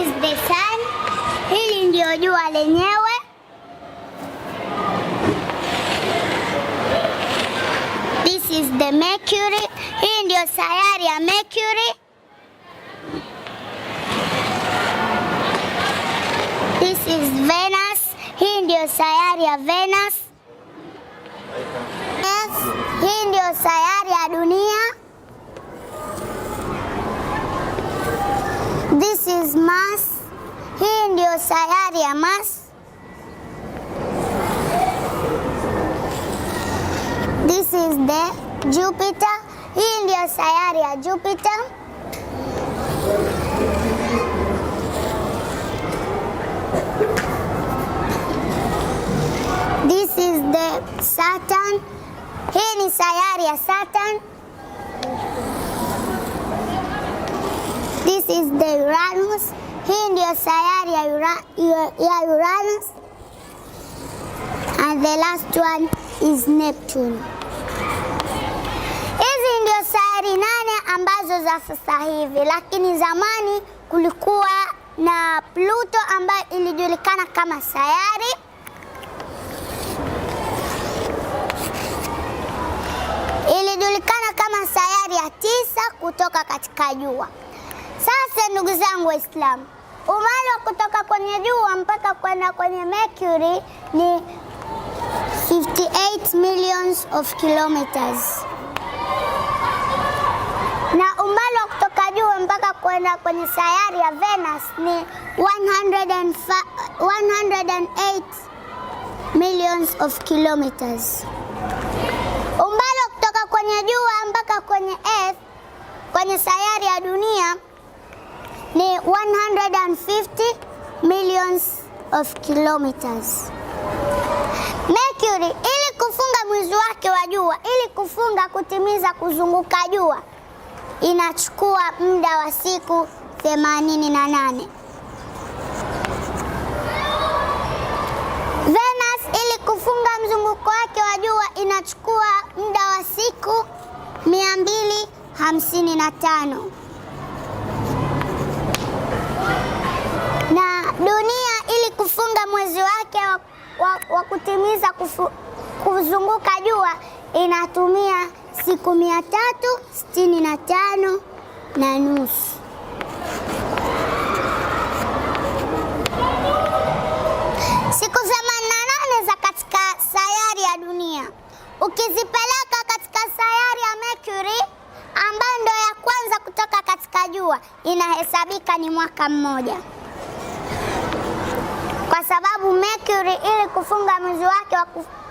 is the sun. Hili ndio jua lenyewe. This is the Mercury. Hii ndio sayari ya Mercury. This is Venus. Hii ndio sayari ya Venus. Yes. Hii ndio sayari ya dunia. área más. This is the Jupiter. Hii sayari Jupiter. This is the Saturn. Hii sayari ya Saturn. This is the Uranus. Hii ndiyo sayari ya, Ura, ya Uranus and the last one is Neptune. Hizi ndio sayari nane ambazo za sasa hivi, lakini zamani kulikuwa na Pluto ambayo ilijulikana kama sayari ilijulikana kama sayari ya tisa kutoka katika jua. Sasa ndugu zangu Waislamu, Umbali wa kutoka kwenye jua mpaka kwenda kwenye Mercury ni 58 millions of kilometers, na umbali wa kutoka jua mpaka kwenda kwenye sayari ya Venus ni 108 millions of kilometers. Umbali wa kutoka kwenye jua mpaka kwenye Earth, kwenye sayari ya dunia ni 150 millions of kilometers. Mercury ili kufunga mwezi wake wa jua, ili kufunga kutimiza kuzunguka jua inachukua muda wa siku 88. Venus ili kufunga mzunguko wake wa jua inachukua muda wa siku 255. kutimiza kufu, kuzunguka jua inatumia siku mia tatu sitini na tano na nusu. Siku 88 za katika sayari ya dunia ukizipeleka katika sayari ya Mercury ambayo ndio ya kwanza kutoka katika jua inahesabika ni mwaka mmoja sababu Mercury ili kufunga mwezi wake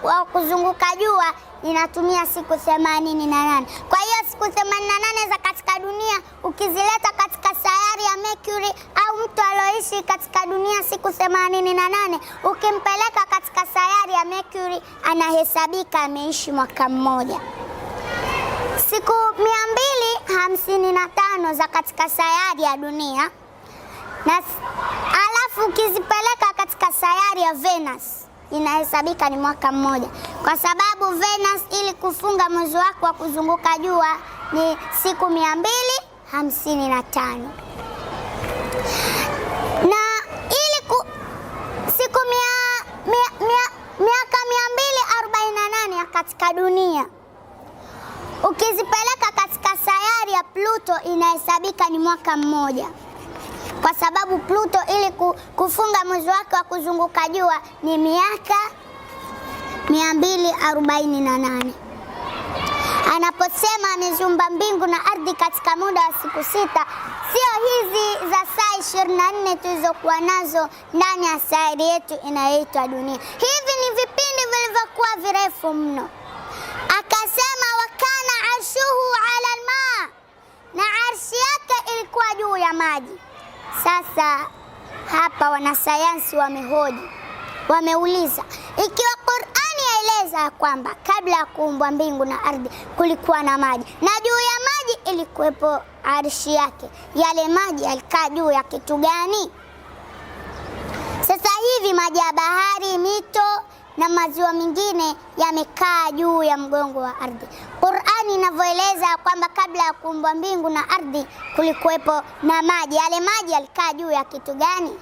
wa kuzunguka jua inatumia siku 88. Kwa hiyo siku 88 za katika dunia ukizileta katika sayari ya Mercury au mtu alioishi katika dunia siku 88 ukimpeleka katika sayari ya Mercury anahesabika ameishi mwaka mmoja. Siku 255 za katika sayari ya dunia na alafu ukizipeleka katika sayari ya Venus inahesabika ni mwaka mmoja, kwa sababu Venus ili kufunga mwezi wako wa kuzunguka jua ni siku 255 na na ili ku, siku mia, mia, mia, miaka mia mbili arobaini na katika dunia ukizipeleka katika sayari ya Pluto inahesabika ni mwaka mmoja kwa sababu Pluto ili kufunga mwezi wake wa kuzunguka jua ni miaka 248. Anaposema ameziumba mbingu na ardhi katika muda wa siku sita, sio hizi za saa 24 tulizokuwa nazo ndani ya sayari yetu inayoitwa dunia. Hivi ni vipindi vilivyokuwa virefu mno. Akasema wakana arshuhu ala lma na arshi yake ilikuwa juu ya maji. Sasa hapa wanasayansi wamehoji, wameuliza ikiwa Qur'ani yaeleza kwamba kabla ya kuumbwa mbingu na ardhi kulikuwa na maji na juu ya maji ilikuwepo arshi yake, yale maji yalikaa juu ya kitu gani? Sasa hivi maji ya bahari, mito na maziwa mengine yamekaa juu ya mgongo wa ardhi. Qur'ani inavyoeleza kwamba kabla ya kuumbwa mbingu na ardhi kulikuwepo na maji. Yale maji yalikaa juu ya kitu gani?